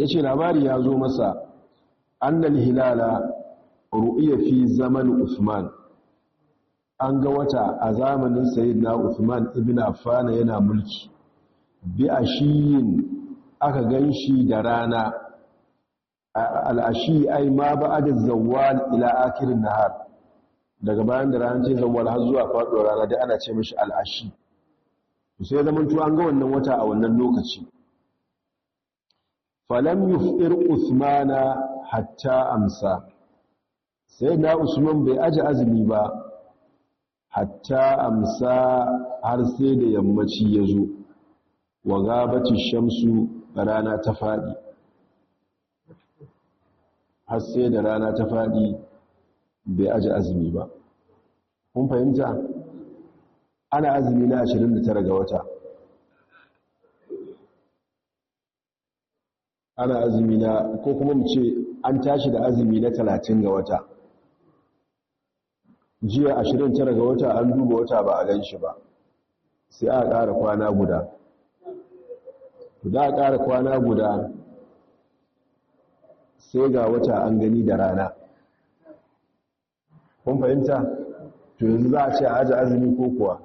ya ce labari ya zo masa annal hilala ru'iya fi zaman usman an ga wata a zamanin sayyidina usman ibn affan yana mulki bi ashiyin aka ganshi da rana al'ashi ai ma ba da zawwal ila akirin nahar daga bayan da ranar ce zawwal har zuwa faduwar rana da ana ce mashi al'ashi sai zaman tuwa an ga wannan wata a wannan lokaci falam yufir usmana hatta amsa sai na usman bai aji azumi ba hatta amsa har sai da yammaci ya zo wa gabati shamsu rana ta faɗi har sai da rana ta faɗi bai aji azumi ba kun fahimta ana azumi na 29 ga wata ana azumi na ko kuma mu ce an tashi da azumi na talatin ga wata jiya ashirin tara ga wata an duba wata ba a gan shi ba sai a ƙara kwana guda da a ƙara kwana guda sai ga wata an gani da rana kun fahimta to yanzu za a ce a aji azumi ko kuwa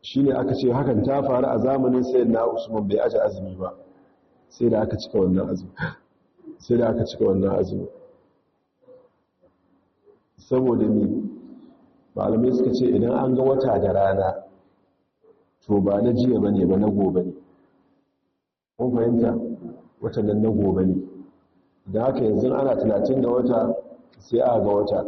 shi ne aka ce hakan ta faru a zamanin sayan na usman bai aji azumi ba sai da aka cika wannan azumi sai da aka cika wannan azumi saboda ni malamai suka ce idan an ga wata da rana to ba na jiya ba ne ba na gobe ne kun fahimta watan nan na gobe ne da haka yanzu ana talatin da wata sai a ga wata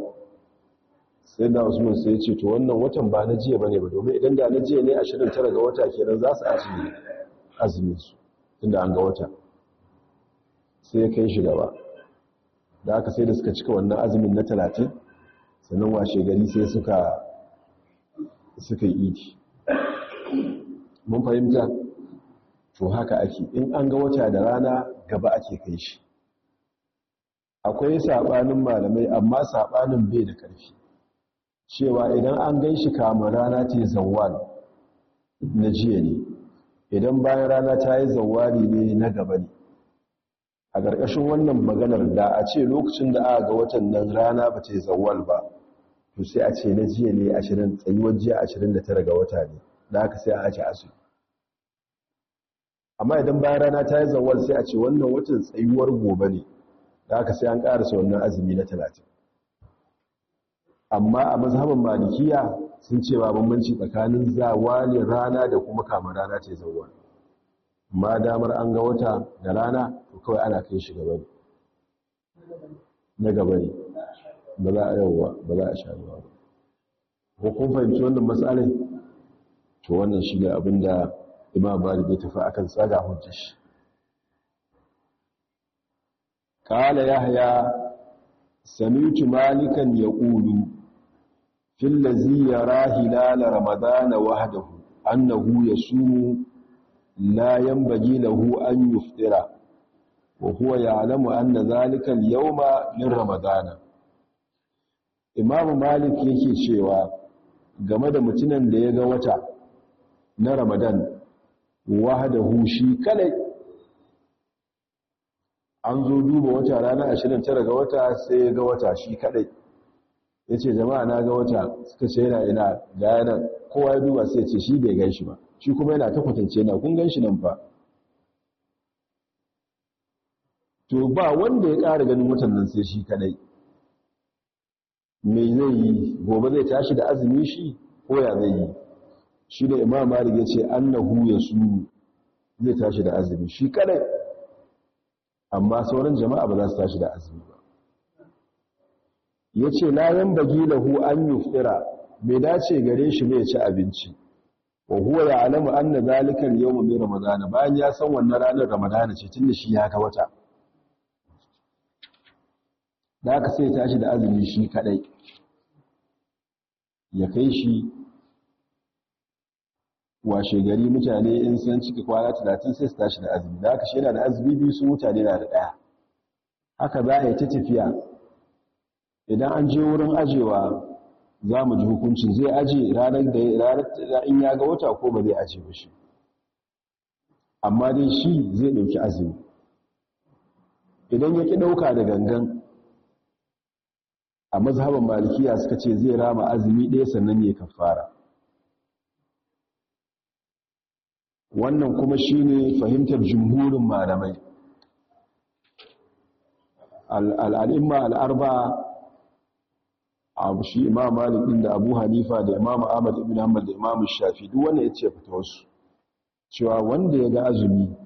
sai da usman sai ce to wannan watan ba na jiya ba ne ba domin idan da na jiya ne ashirin tara ga wata kenan za su azumi azumi su tunda an ga wata sai ya kai shi gaba da aka sai da suka cika wannan azumin na talatin sannan washe gari sai suka suka yi iji mun fahimta to haka ake in an ga wata da rana gaba ake kai shi akwai saɓanin malamai amma saɓanin bai da ƙarfi cewa idan an gan shi kama rana ce zawal na jiya ne idan bayan rana ta yi zawari ne na gaba ne a ƙarƙashin wannan maganar da a ce lokacin da aka ga watan nan rana ba ta yi zawal ba to sai a ce na jiya ne 20 tsayuwar jiya da tara ga wata ne da aka sai a ce asu amma idan bayan rana ta yi zawal sai a ce wannan watan tsayuwar gobe ne da aka sai an ƙarasa wannan azumi na talatin, amma a mazhabin malikiya sun ce ba bambanci tsakanin zawalin rana da kuma kama rana ce zauwa amma damar an ga wata da rana to kawai ana kai shi gaba na gaba ne ba za a yawwa ba za a sha ruwa ko kun fahimci wannan matsalai to wannan shi ne abin da imam bari bai tafi akan tsaga hujjar shi kala yahya sami'tu malikan yaqulu fil ladhi yara hilal ramadana wahdahu annahu yasumu la yanbaghi lahu an yuftira wa huwa ya'lamu anna dhalika al-yawma min ramadana Imam Malik yake cewa game da mutumin da ya ga wata na Ramadan wahdahu shi kadai an zo duba wata ranar 29 ga wata sai ya ga wata shi kadai ya ce jama'a na ga wata suka ce yana ina ga yanar kowa ya duba sai ce shi bai gan shi ba shi kuma yana ta kwatance yana kun gan shi nan fa to ba wanda ya ƙara ganin watan nan sai shi kadai me zai yi gobe zai tashi da azumi shi ko ya zai yi shi da imam malik ya ce annahu ya su zai tashi da azumi shi kadai amma sauran jama'a ba za su tashi da azumi ba ya ce layan bagi lahu an Fira mai dace gare shi mai ci abinci wa huwa ya alamu an na zalikar yau mai ramadana bayan ya san wannan ranar ramadana ce tun da shi ya kawata. da aka sai tashi da azumi shi kadai ya kai shi washe gari mutane in san cika kwana talatin sai su tashi da azumi da aka shi yana da azumi biyu su mutane na da ɗaya haka za a yi ta tafiya idan an je wurin ajewa za mu ji hukuncin zai aje ranar da in ya ga wata ko ba zai aje ba shi amma dai shi zai ɗauki azumi idan ya ƙi ɗauka da gangan a mazhaban malikiya suka ce zai rama azumi ɗaya sannan ya kafara wannan kuma shi ne fahimtar jimhurin malamai al'al'imma al'arba abu shi imam malik din da abu hanifa da imam ahmad ibn hanbal da imam shafi duk wanda ya ce fatawarsu cewa wanda ya ga azumi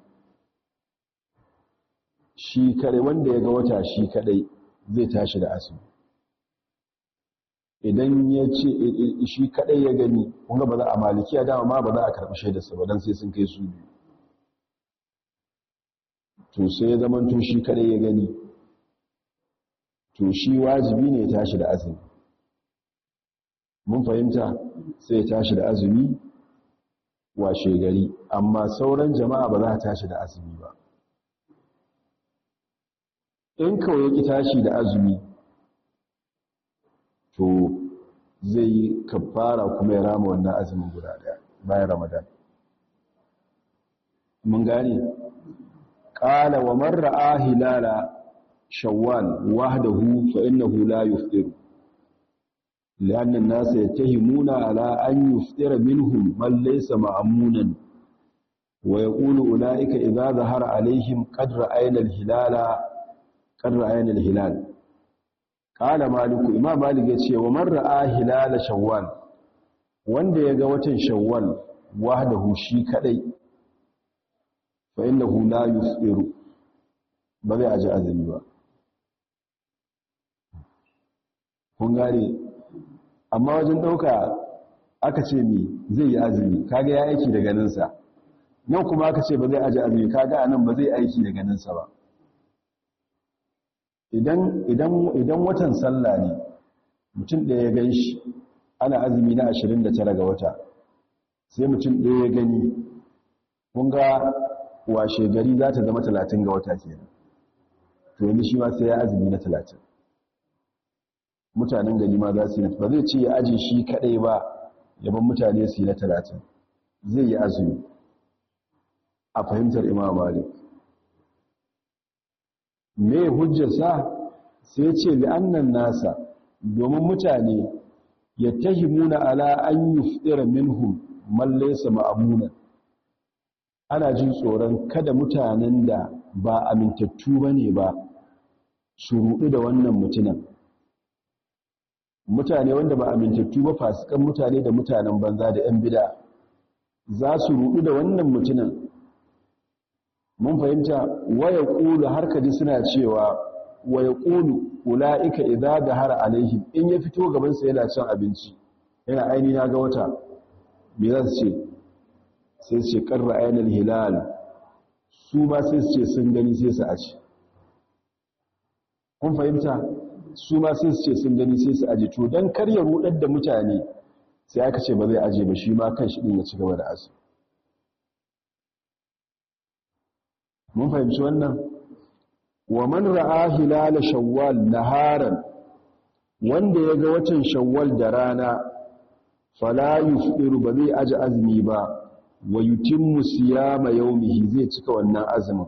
shi kare wanda ya ga wata shi kadai zai tashi da azumi idan ya ce shi kadai ya gani kuma ba za a malikiya dama ma ba za a karɓi sa ba don sai sun kai su biyu to sai ya zama to shi kadai ya gani to shi wajibi ne ya tashi da azumi mun fahimta sai ya tashi da azumi washe gari amma sauran jama'a ba za a tashi da azumi ba in kawai ya ki tashi da azumi to zai yi kafara kuma ya rama wannan azumin guda daya bayan ramadan mun gane qala wa man ra'a hilala shawwal wahdahu fa innahu la yufṭiru لأن الناس يتهمون على أن يفتر منهم من ليس مأمونا ويقول أولئك إذا ظهر عليهم قد رأينا الهلال قد رأينا الهلال قال مالك إمام مالك يتشي ومن رأى هلال شوال wanda ya ga watan shawwal wahdahu shi kadai fa innahu la yusiru ba zai aji azumi ba kun gane amma wajen ɗauka aka ce mi zai yi azumi kaga ya aiki da ganinsa nan kuma aka ce ba zai aji azumi kaga anan ba zai aiki da ganinsa ba idan idan idan watan sallah ne mutum ɗaya ya ganshi, ana azumi na 29 ga wata sai mutum ɗaya ya gani kun ga washe gari za ta zama 30 ga wata kenan to yanzu shi ma sai ya azumi na 30 mutanen gari ma za su yi ba zai ce ya aji shi kadai ba yaban mutane su yi na talatin zai yi azumi a fahimtar imam malik me sa sai ce li annan nasa domin mutane ya tahimuna ala an yuftira minhum man laysa ma'amuna ana jin tsoron kada mutanen da ba amintattu bane ba su ruɗu da wannan mutunan mutane wanda ba amintattu ba fasikan mutane da mutanen banza da ‘yan bida za su rudu da wannan mutumin mun fahimta waya ƙulu har kaji suna cewa waya ƙulu ula'ika idza da har alaihim in ya fito gabansa yana cin abinci yana aini ya ga wata me za ce sai su ce qarra ainihin hilal su ba sai ce sun gani sai su aci kun fahimta su ma sun ce sun gani sai su aje to dan kar ya rudar da mutane sai aka ce ba zai aje ba shi ma kan shi din ya ci gaba da azu mun fahimci wannan wa man ra'a hilal shawwal naharan wanda ya ga watan shawwal da rana fala yufiru ba zai aje azumi ba wa yutimmu siyama yawmihi zai cika wannan azumin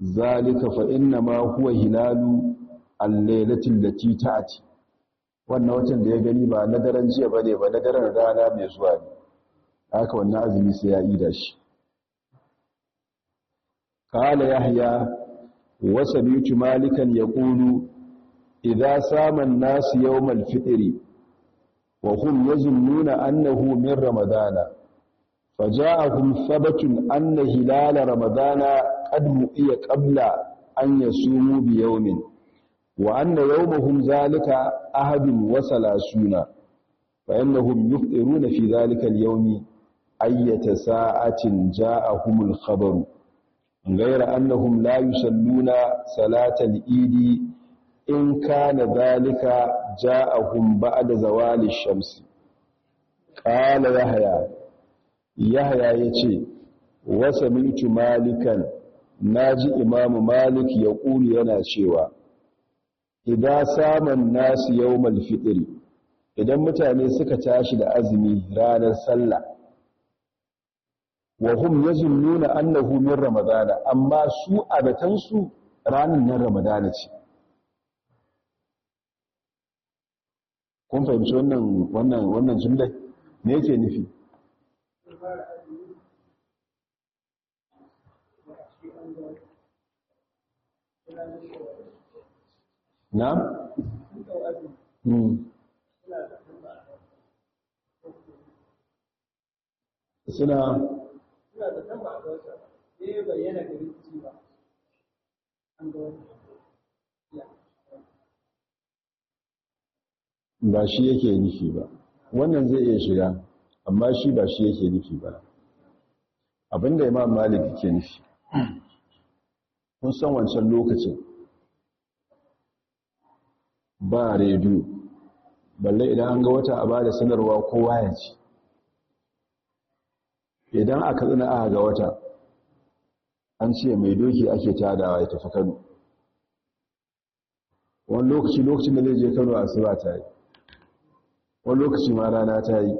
zalika fa inna ma huwa hilalu allailatin lati ta'ati wannan watan da ya gani ba na daren jiya bane ba na daren rana mai zuwa ne haka wannan azumi sai ya ida shi qala yahya wa sabitu malikan yaqulu idza sama an-nas yawm al-fitr wa hum yazunnuna annahu min ramadana فجاءهم anna أن ramadana رمضان ƙabla مؤي قبل أن يصوموا بيوم wa anna yawmahum zalika ahadun wa salasuna fa innahum yufṭiruna fi zalika al-yawmi ayyata sa'atin ja'ahumul khabaru ghayra annahum la yusalluna salatal idi in kana zalika ja'ahum ba'da zawali shamsi qala yahya yahya yace wasamitu sami'tu malikan naji imamu malik ya yana cewa Ida saman nasu yawmal fitr idan mutane suka tashi da azumi ranar sallah wa hum yazunnuna annahu min ramadana amma su abatan su ranar nan ramadana ce kun fahimci wannan wannan wannan jumla me yake nufi na? Hmm. suna ba shi yake nufi ba wannan zai iya shiga amma shi ba shi yake nufi ba abinda imam malik ke nufi kun san wancan lokacin ba rediyo balle idan an ga wata a bada sanarwa kowa ya ce. idan aka tsina aka ga wata an ce mai doki ake tadawa ya tafi kano wani lokaci lokacin da zai je kano asuba ta yi wani lokaci ma rana ta yi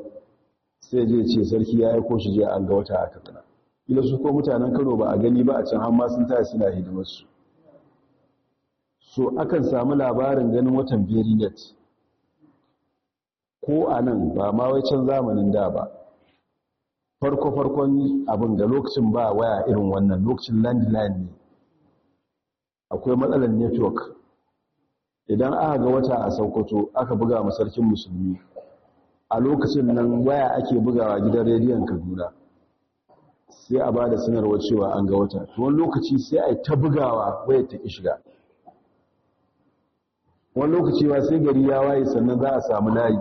sai zai ce sarki ya yi ko shi je an ga wata a katsina ila su ko mutanen kano ba a gani ba a can amma sun ta yi suna hidimarsu so akan samu labarin ganin watan beriyat ko a nan ba ma wai can zamanin da ba farko-farkon abin da lokacin ba waya irin wannan lokacin landline ne akwai matsalar network idan aka ga wata a saukoto aka buga masarkin musulmi a lokacin nan waya ake bugawa gidan rediyon kaduna sai a ba da sanarwa cewa an ga wata tuwon lokaci sai a yi ta bugawa waya ta shiga wani lokaci ba sai gari ya waye sannan za a samu layi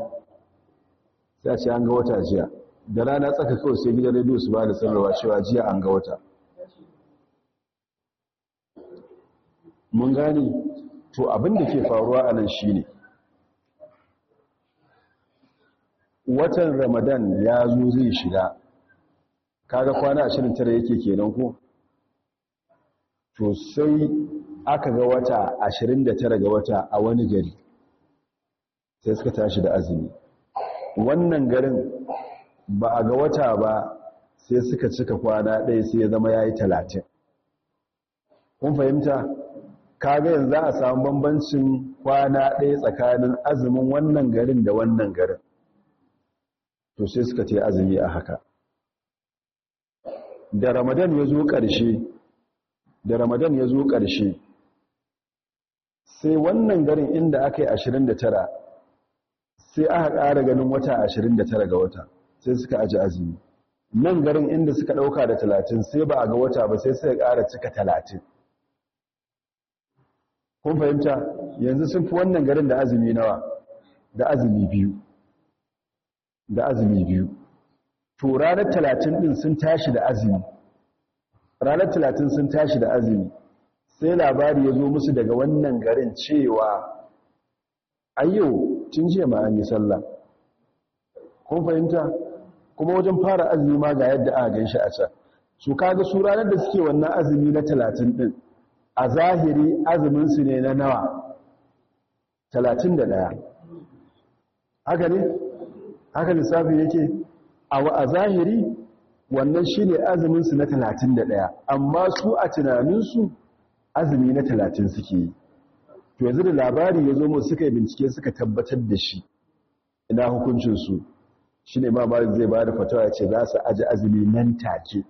sai ce an ga wata jiya da rana tsaka kawai sai gidan rediyo su ba da sanarwa cewa jiya an ga wata mun gane to abin da ke faruwa a nan shi ne watan ramadan ya zo zai shiga kaga kwana 29 yake kenan ko to sai aka ga wata 29 ga wata a wani gari sai suka tashi da azumi wannan garin ba a ga wata ba sai suka cika kwana ɗaya sai ya zama ya yi talatin kun fahimta kaga yanzu za a samu bambancin kwana ɗaya tsakanin azumin wannan garin da wannan garin to sai suka ce azumi a haka da ramadan ya zo ƙarshe da ramadan ya zo ƙarshe sai wannan garin inda aka yi ashirin da tara, sai aka ƙara ganin wata ashirin da tara ga wata sai suka aji azumi nan garin inda suka ɗauka da talatin, sai ba a ga wata ba sai suka ƙara cika talatin. kun fahimta yanzu sun fi wannan garin da azumi nawa da azumi biyu da azumi biyu to ranar talatin din sun tashi da azumi ranar talatin sun tashi da azumi sai labari ya zo musu daga wannan garin cewa ayyau tun ce ma an yi sallah kun fahimta kuma wajen fara azumi ma ga yadda aka ganshi a can su kaga su ranar da suke wannan azumi na 30 din a zahiri azumin su ne na nawa 31 haka ne haka lissafi yake a zahiri wannan shine azumin su na 31 amma su a tunaninsu azumi na talatin suke yi to yanzu da labari ya zo musu suka yi bincike suka tabbatar da shi ina hukuncinsu shi ne ma zai ba da fatawa ce za su aji azumi nan take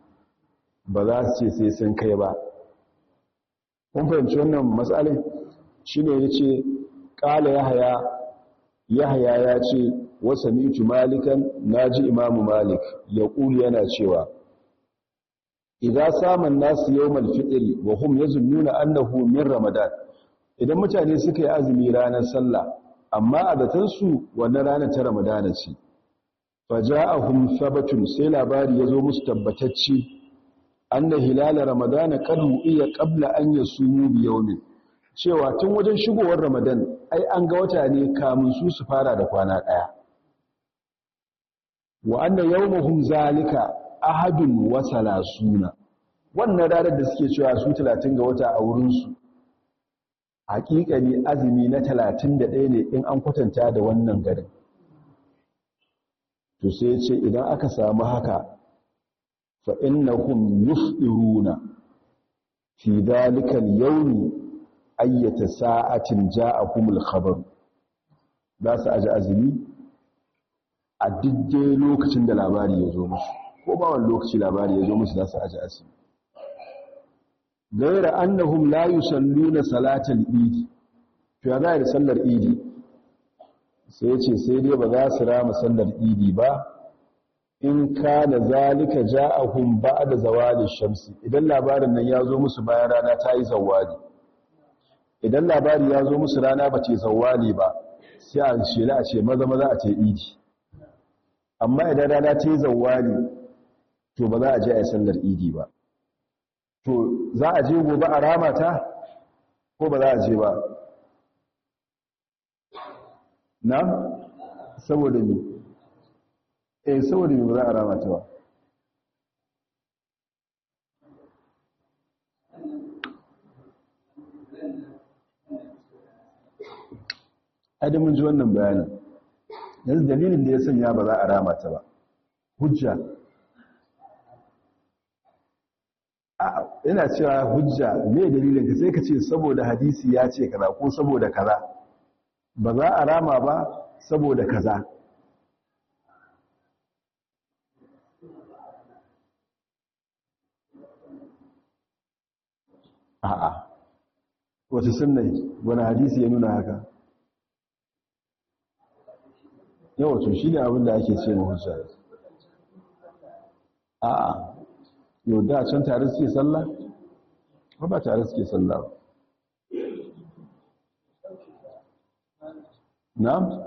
ba za su ce sai sun kai ba kun fahimci wannan matsalin shi ne ya ce ƙala yahaya yahaya ya ce wasa mitu malikan na ji imamu malik ya yana cewa idan samun nasu yawmal fitri wa hum yazunnuna annahu min ramadan idan mutane suka yi azumi ranar sallah amma a zaton su wannan ranar ta ramadana ce faja'ahum sabatun sai labari yazo musu an anna hilal ramadana kadu iya qabla an yasumu bi yawmin cewa tun wajen shigowar ramadan ai an ga wata ne kamun su su fara da kwana ɗaya. wa anna yawmuhum zalika ahadun wa suna, wannan ranar da suke cewa su 30 ga wata a wurinsu haƙiƙani azumi na 31 ne in an kwatanta da wannan garin to sai ce idan aka samu haka fa innakum yufdiruna fi dalika al-yawmi ayyata sa'atin ja'akumul khabar za su aji azumi a didde lokacin da labari ya zo musu ko ba wani lokaci labari ya zo musu za su aji asiri. gaira annahum la yusalluna salatal idi to ya zai da sallar idi sai ya ce sai dai ba za su rama sallar idi ba in kana zalika ja'ahum ba'da zawali shamsi idan labarin nan ya zo musu bayan rana ta yi zawali idan labari ya zo musu rana ba ce zawali ba sai a shela a ce maza maza a ce idi amma idan rana ta yi zawali to ba za a je a yi sallar idi ba to za a je gobe a rama ta ko ba za a je ba na saboda ne eh saboda ne ba za a rama ta ba adamin ji wannan bayanin yanzu dalilin da ya sanya ba za a rama ta ba hujja Yana cewa hujja me dalilin ka sai ka ce saboda hadisi ya ce kaza ko saboda kaza ba za a rama ba saboda kaza a'a wasu sunnai wani hadisi ya nuna haka yawancin shi ne abinda ake ce ma hujja a'a yadda can tare suke sallah ba tare suke sallah ba na'am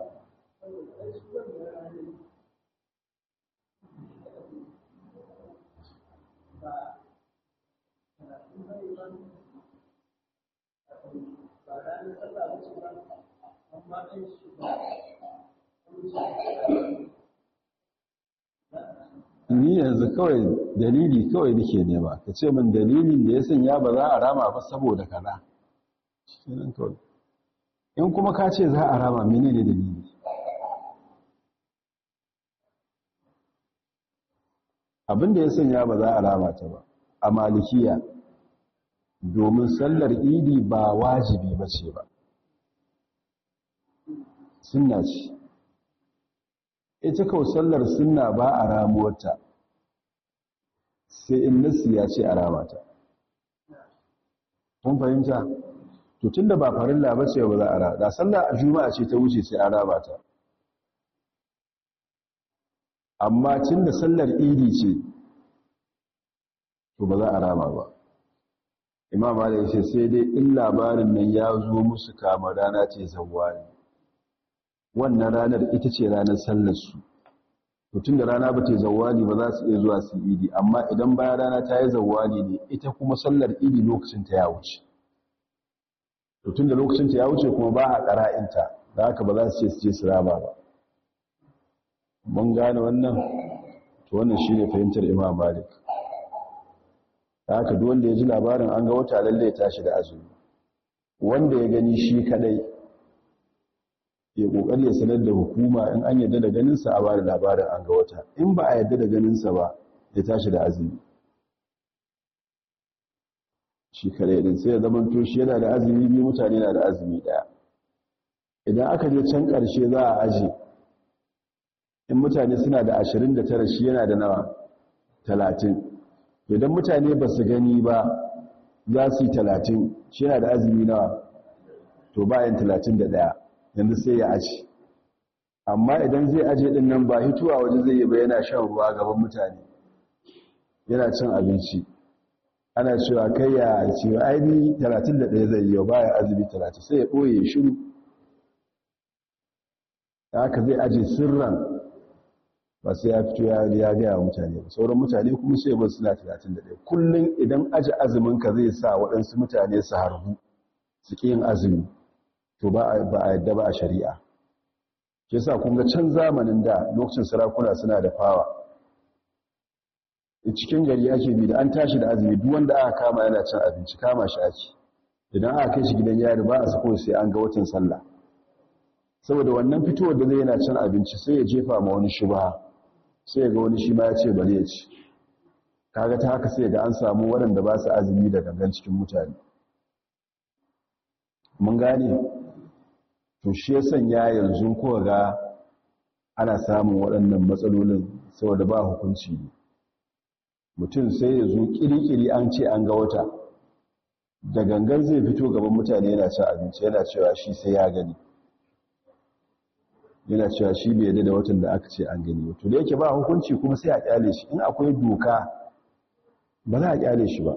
Thank you. ni yanzu kawai dalili kawai nake nema ka ce min dalilin da ya sanya ba za a rama ba saboda kaza in kuma ka ce za a rama ne dalili abin da ya sanya ba za a rama ta ba a malikiya domin sallar idi ba wajibi ba ce ba sunna ce ita kau sallar sunna ba a ramuwarta sai in nasi ya ce a ramata kun fahimta to tunda ba farilla ba ce ba za a rama da sallar juma'a ce ta wuce sai a ramata amma tunda sallar idi ce to ba za a rama ba imam ali ya ce sai dai in labarin nan ya zo musu kama dana ce zawwani wannan ranar ita ce ranar sallarsu mutum da rana ba ta yi zawali ba za su iya zuwa su yi idi amma idan bayan rana ta yi zawali ne ita kuma sallar idi lokacin ya wuce mutum da lokacin ya wuce kuma ba a ƙara'inta da haka ba za su ce su je su ba mun gane wannan to wannan shi ne fahimtar imam malik da haka duk wanda ya ji labarin an ga wata lallai tashi da azumi wanda ya gani shi kadai ya kokari ya sanar da hukuma in an yarda da ganin sa a bada labarin an ga wata in ba a yarda da ganinsa ba ya tashi da azumi shi kare din sai ya zama to shi yana da azumi biyu mutane na da azumi daya idan aka je can karshe za a aje in mutane suna da 29 shi yana da nawa 30 idan mutane ba su gani ba za su yi 30 shi yana da azumi nawa to bayan 31 yanzu sai ya aji. amma idan zai aje din nan ba hituwa waje zai yi ba yana shan ruwa gaban mutane yana cin abinci ana cewa kai ya ce aini 31 zai yi ba ya azumi 30 sai ya boye shiru haka zai aje sirran ba sai ya fito ya gaya wa mutane ba sauran mutane kuma sai ban suna 31 kullum idan aji azuminka zai sa waɗansu mutane su harbu su ƙi yin azumi to ba a yadda ba a shari'a ke sa kunga can zamanin da lokacin sarakuna suna da fawa cikin gari ake bi da an tashi da azumi duk wanda aka kama yana cin abinci kama shi ake idan aka kai shi gidan yari ba a sako sai an ga watan sallah saboda wannan fitowar da zai yana cin abinci sai ya jefa ma wani shubha sai ya ga wani shi ma ya ce bari ya ci kaga ta haka sai ga an samu waɗanda ba su azumi da gangan cikin mutane mun gane to shi ya sanya yanzu ko ga ana samun waɗannan matsalolin saboda ba hukunci ne mutum sai ya zo kirikiri an ce an ga wata da gangan zai fito gaban mutane yana cin abinci yana cewa shi sai ya gani yana cewa shi bai yadda da watan da aka ce an gani to da yake ba hukunci kuma sai a kyale shi in akwai doka ba za a kyale shi ba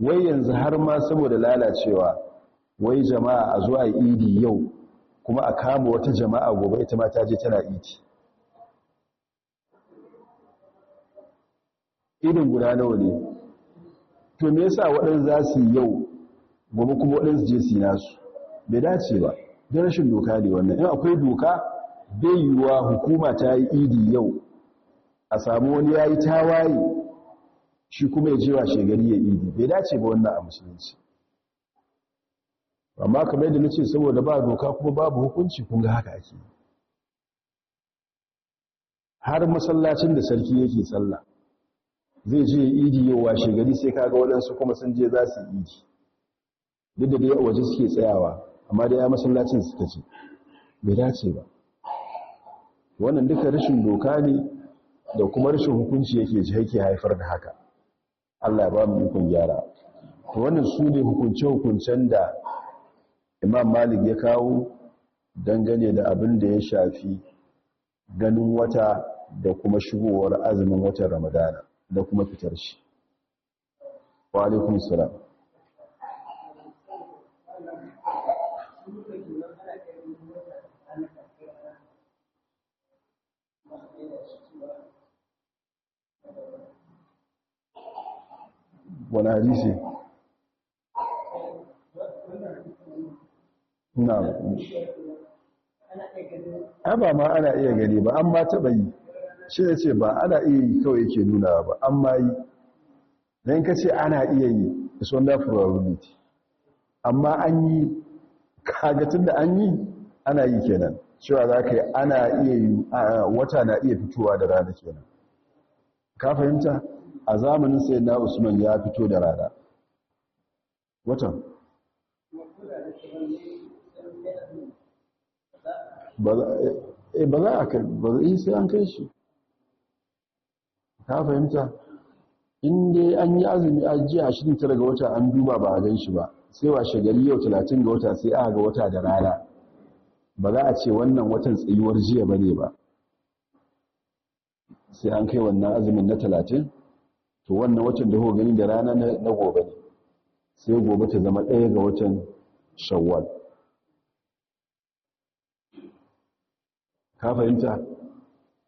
wai yanzu har ma saboda lalacewa wai jama'a a zuwa idi yau kuma a kama wata jama'a gobe ita ma ta je tana idi idin guda nawa ne to me yasa waɗansu za su yau gobe kuma su je su nasu bai dace ba don rashin doka ne wannan in akwai doka bai yiwuwa hukuma ta yi idi yau a samu wani ya yi tawaye shi kuma ya je wa shegari ya idi bai dace ba wannan a musulunci amma kamar yadda nace saboda ba doka kuma babu hukunci kun ga haka ake har masallacin da sarki yake sallah zai je idi yau washe gari sai kaga waɗansu kuma sun je za su idi duk da dai a waje suke tsayawa amma dai a masallacin suka ce bai dace ba wannan duka rashin doka ne da kuma rashin hukunci yake ji yake haifar da haka Allah ya ba mu ikon gyara wannan su ne hukunce-hukuncen da imam malik ya kawo dangane da abin da ya shafi ganin wata da kuma shigowar azumin watan ramadana da kuma fitar shi wa alaikum salam wani hadisi na ba ma ana iya gani ba an ma taɓa yi shi da ce ba ana iya yi kawai yake nuna ba an ma yi don ka ce ana iya yi is wanda probability amma an yi kagatun da an yi ana yi kenan cewa za ka yi ana iya yi wata na iya fitowa da rana kenan ka fahimta a zamanin sai na usman ya fito da rana watan Eh, ba za a kai ba za eh, sai an kai shi ka fahimta inda an yi azumi a jiya shirin tara ga wata an duba ba a gan shi ba sai wa shagari yau talatin ga wata sai aka ga wata da rana ba za a ce wannan watan tsayuwar jiya ba ne ba sai an kai wannan azumin na talatin to wannan watan da gani da rana na gobe ne sai gobe ta zama ɗaya ga watan shawwal ka fahimta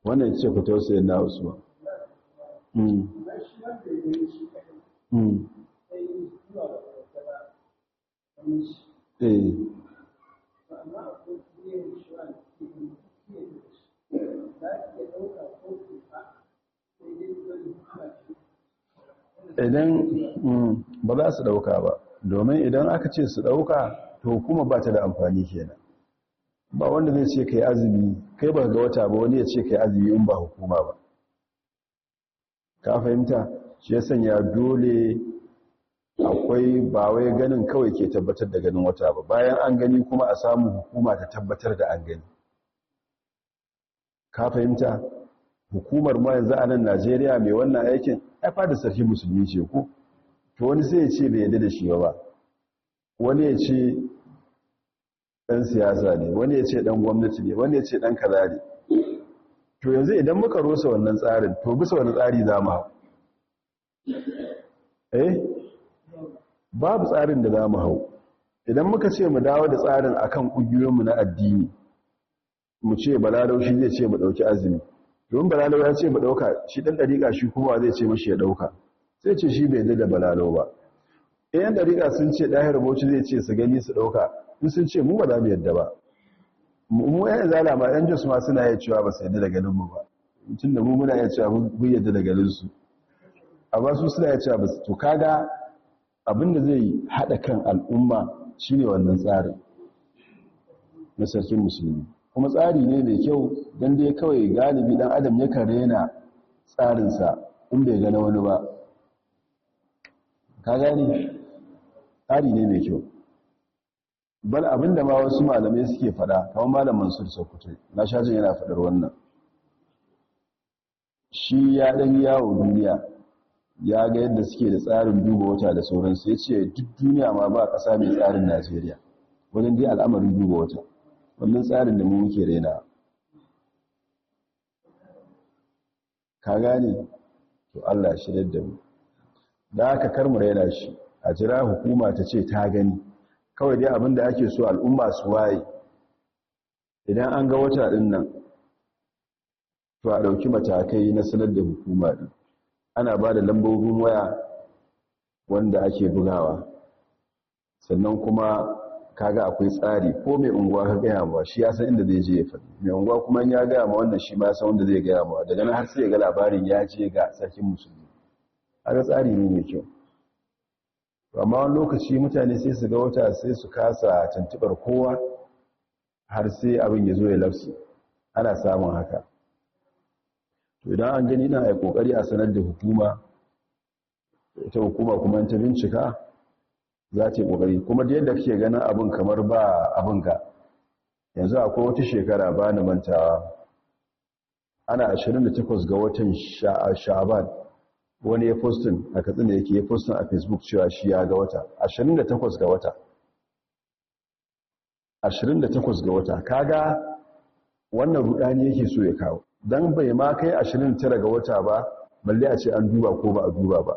wannan ce ku tausayin na ba idan hmm, ba za su dauka ba domin idan aka ce su dauka to kuma ba ta da amfani kenan ba wanda zai ce kai azumi kai ba ga wata ba wani ya ce kai azumi in ba hukuma ba ka fahimta shi ya sanya dole akwai ba wai ganin kawai ke tabbatar da ganin wata ba bayan an gani kuma a samu hukuma ta tabbatar da an gani ka fahimta hukumar ma yanzu a nan Najeriya mai wannan aikin ai fa da sarki musulmi ce ko to wani zai ce bai yarda da shi ba wani ya ce ɗan siyasa ne wani ya ce ɗan gwamnati ne wani ya ce ɗan kaza ne to yanzu idan muka rusa wannan tsarin to bisa wani tsari za mu hau eh babu tsarin da za mu hau idan muka ce mu dawo da tsarin a kan ƙungiyoyinmu na addini mu ce balalau shi zai ce mu ɗauki azumi domin balarau ya ce mu ɗauka shi ɗan ɗariƙa shi kuma zai ce mashi ya ɗauka sai ce shi bai da balarau ba Eh, yan dariƙa sun ce ɗahir bauchi zai ce su gani su ɗauka sun ce mu ba za mu yadda ba mu yan zala ma yan jos ma suna iya cewa ba su yadda da ganin ba tun da mu muna iya cewa mun yadda da ganin su ba su suna iya cewa ba su to kaga abin zai haɗa kan al'umma shine wannan tsarin na sarkin musulmi kuma tsari ne mai kyau don dai kawai galibi dan adam yakan rena tsarinsa in bai gana wani ba ka gani tsari ne mai kyau bal abinda ma wasu malamai suke fada kamar malam sun Sokoto na shajin yana fadar wannan shi ya dan yawo duniya ya ga yadda suke da tsarin duba wata da sauransu ya ce duk duniya ma ba ƙasa mai tsarin Najeriya wajen dai al'amarin duba wata wannan tsarin da mu muke raina ka gane to Allah shirye da mu da aka karmu raina shi a jira hukuma ta ce ta gani kawai dai abin da ake so al'umma su waye idan an ga wata ɗin nan to a ɗauki matakai na sanar da hukuma ɗin ana ba da lambobin waya wanda ake bugawa sannan kuma kaga akwai tsari ko mai unguwa ka gaya ma shi ya san inda zai je ya faɗi mai unguwa kuma ya gaya ma wannan shi ma ya san wanda zai gaya ma daga nan har sai ya ga labarin ya je ga sarkin musulmi a ga tsari ne mai kyau amma wani lokaci mutane sai su ga wata sai su kasa tuntubar kowa har sai abin ya zo ya lafsu ana samun haka to idan an gani na a kokari a sanar da hukuma ta hukuma kuma ta bincika za ta yi kokari kuma da yadda kake ganin abin kamar ba abin ga. yanzu akwai wata shekara ba na mantawa ana 28 ga watan sha'aban wani ya postin a katsina yake ya postin a facebook cewa shi ya ga wata 28 ga wata 28 ga wata kaga wannan rudani yake so ya kawo dan bai ma kai 29 ga wata ba balle a ce an duba ko ba a duba ba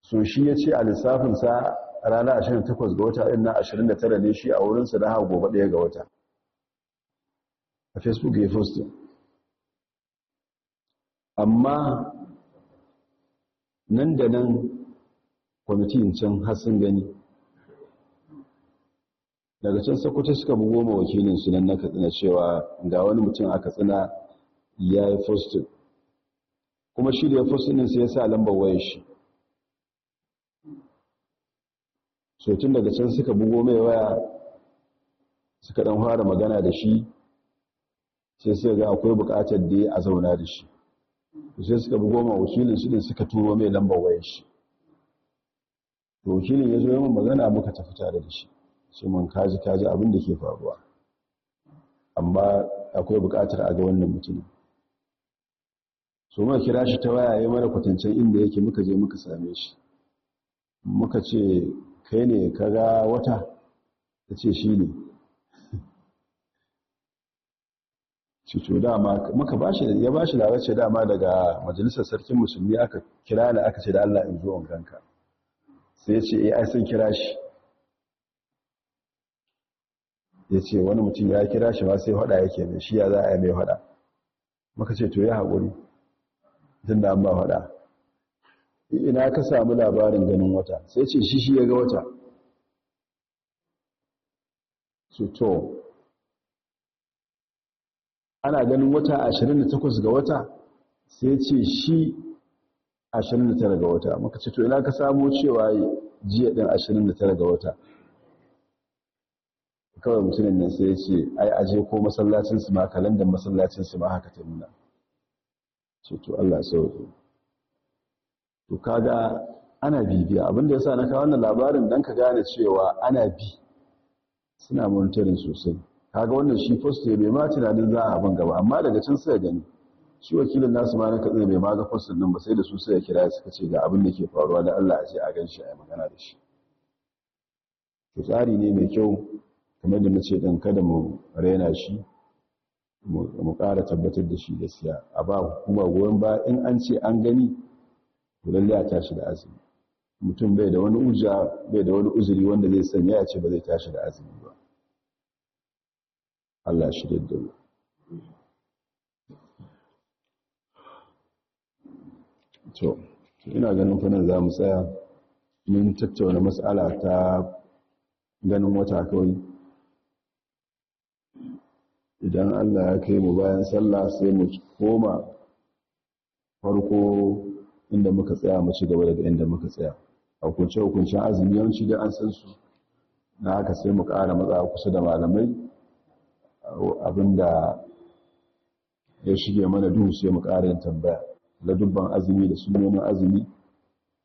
so shi ya ce a lissafinsa rana 28 ga wata ɗin na 29 ne shi a wurinsa na hau gobe ɗaya ga wata a facebook ya postin amma nan da nan kwamitin can hassan gani daga can sakwata suka bugo ma wakilin nan na katsina cewa ga wani mutum a katsina ya yi fostin kuma shi da ya fostin sai ya sa lambar waya shi sautin daga can suka bugo mai waya suka dan fara magana da shi sai sai ga akwai bukatar da ya a zauna da shi sai suka bi goma wakilin shi ne suka turo mai lambar wayar shi to wakilin ya zo yawan magana muka tafi tare da shi sai man kaji kaji abin da ke faruwa amma akwai bukatar a ga wannan mutumin su ma kira shi ta waya ya mara kwatancen inda yake muka je muka same shi muka ce kai ne ka ga wata ta ce shi ne ce to dama muka bashi ya bashi lalace dama daga majalisar sarkin musulmi aka kira ni aka ce da Allah in zo in ganka sai ya ce eh, ai sun kira shi ya ce wani mutum ya kira shi ma sai hada yake ne shi ya za a yi mai hada muka ce to ya haƙuri tun da an ba hada ina ka samu labarin ganin wata sai ce shi shi ya ga wata su to ana ganin wata 28 ga wata sai ce shi 29 ga wata Maka ce to ina ka samu cewa jiya din 29 ga wata kawai mutumin nan sai ya ce ai aje ko masallacin su ma kalandar masallacin su ma haka ta nuna ce to Allah sauri. to kaga ana bibiya abinda yasa na kawo wannan labarin dan ka gane cewa ana bi suna monitoring sosai kaga wannan shi fosta bai ma tunanin za a abin gaba amma daga can sai gani shi wakilin nasu ma na katsina bai ma ga fosta nan ba sai da su sai ya kira suka ce ga abin da ke faruwa da Allah a ce a ganshi a yi magana da shi to tsari ne mai kyau kamar da mace dan kada mu raina shi mu ƙara tabbatar da shi gaskiya a ba hukuma goyon ba in an ce an gani to lalle a tashi da azumi mutum bai wani uja bai da wani uzuri wanda zai sanya ya ce ba zai tashi da azumi ba Allah shi da dama. to ina ganin kunan za mu tsaya mun tattauna matsala ta ganin wata kawai idan Allah ya kai mu bayan sallah sai mu koma farko inda muka tsaya mu ci gaba daga inda muka tsaya A hukunce-hukuncen azumi yawanci da an san su na haka sai mu ƙara matsa kusa da malamai abinda ya shige mana duhu sai mu ƙarin tambaya da dubban azumi da sunonin azumi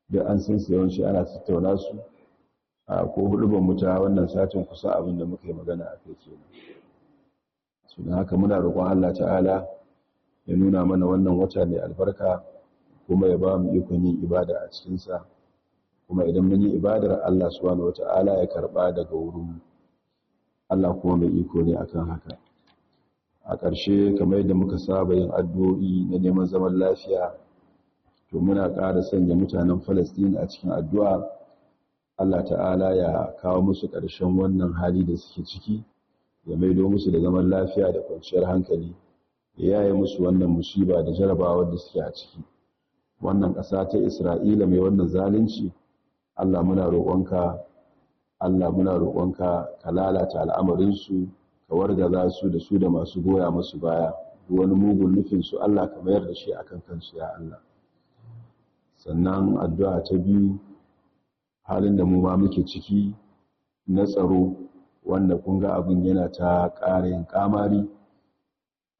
da an san sayon shi ana tattauna su a ko hudubar muta wannan satin kusa abin da muka yi magana a kai kenan suna haka muna roƙon Allah ta'ala ya nuna mana wannan wata mai albarka kuma ya ba mu ikon yin ibada a cikinsa kuma idan mun yi ibadar Allah subhanahu wata'ala ya karɓa daga wurin mu Allah kuma mai iko ne akan haka a ƙarshe kamar yadda muka saba yin addu'o'i na neman zaman lafiya to muna ƙara sanya mutanen Falastin a cikin addu'a Allah ta'ala ya kawo musu ƙarshen wannan hali da suke ciki ya maido musu da zaman lafiya da kwanciyar hankali ya yaye musu wannan musiba da jarabawar da suke a ciki wannan ƙasa ta Isra'ila mai wannan zalunci Allah muna roƙonka Allah muna roƙonka ka lalata al'amarinsu ka wargaza su da su da masu goya musu baya wani mugun nufinsu Allah ka mayar da shi a kan kansu ya Allah sannan addu'a ta biyu halin da mu ma muke ciki na tsaro wanda kun ga abin yana ta ƙarin ƙamari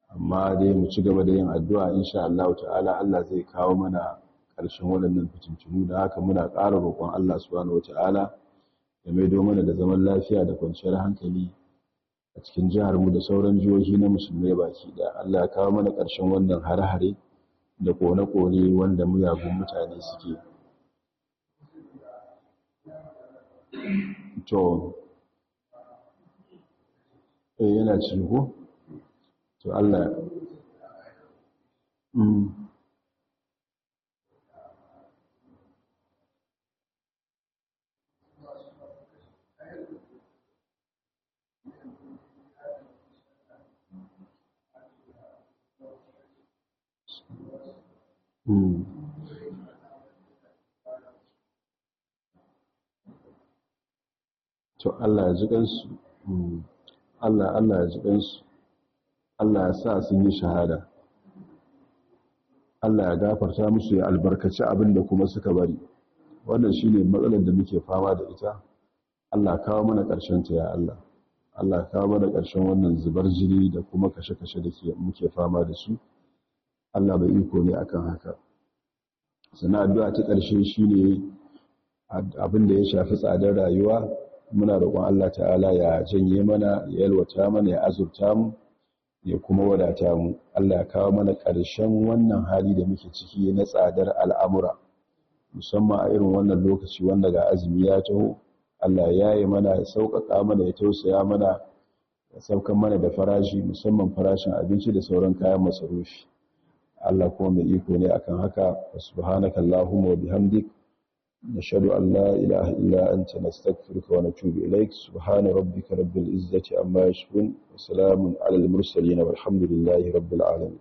amma dai mu ci gaba da yin addu'a insha Allah ta'ala Allah zai kawo mana ƙarshen waɗannan fitintunu da haka muna ƙara roƙon Allah subhanahu wa ta'ala da maido mana da zaman lafiya da kwanciyar hankali a cikin jiharmu da sauran jihohi na musulmai baki da Allah ya kawo mana ƙarshen wannan hare-hare da kone-kone wanda muyagun mutane suke to eh, yana ciko to Allah mm Hmm. To Allah ya ji gansu hmm. Allah Allah ya ji gansu Allah sa sun yi shahada, Allah ya gafarta musu ya albarkaci abin da kuma suka bari. Wannan shine matsalar da muke fama da ita, Allah kawo mana ƙarshen ta, ya Allah. Allah kawo mana ƙarshen wannan zubar jini da kuma kashe-kashe da muke fama da su. Allah bai iko ne akan haka sannan addu'a ta ƙarshe shine abin da ya shafi tsadar rayuwa muna roƙon Allah ta'ala ya janye mana ya yalwata mana ya azurta mu ya kuma wadata mu Allah ya kawo mana ƙarshen wannan hali da muke ciki na tsadar al'amura musamman a irin wannan lokaci wanda ga azumi ya taho Allah ya yi mana ya sauƙaƙa mana ya tausaya mana ya saukan mana da farashi musamman farashin abinci da sauran kayan masarufi Allah kuma mai iko ne akan haka subhanaka allahumma wa bihamdik nashhadu an la ilaha illa anta nastaghfiruka wa natubu ilaik subhana rabbika rabbil izzati amma yasifun wa salamun alal mursalin walhamdulillahi rabbil alamin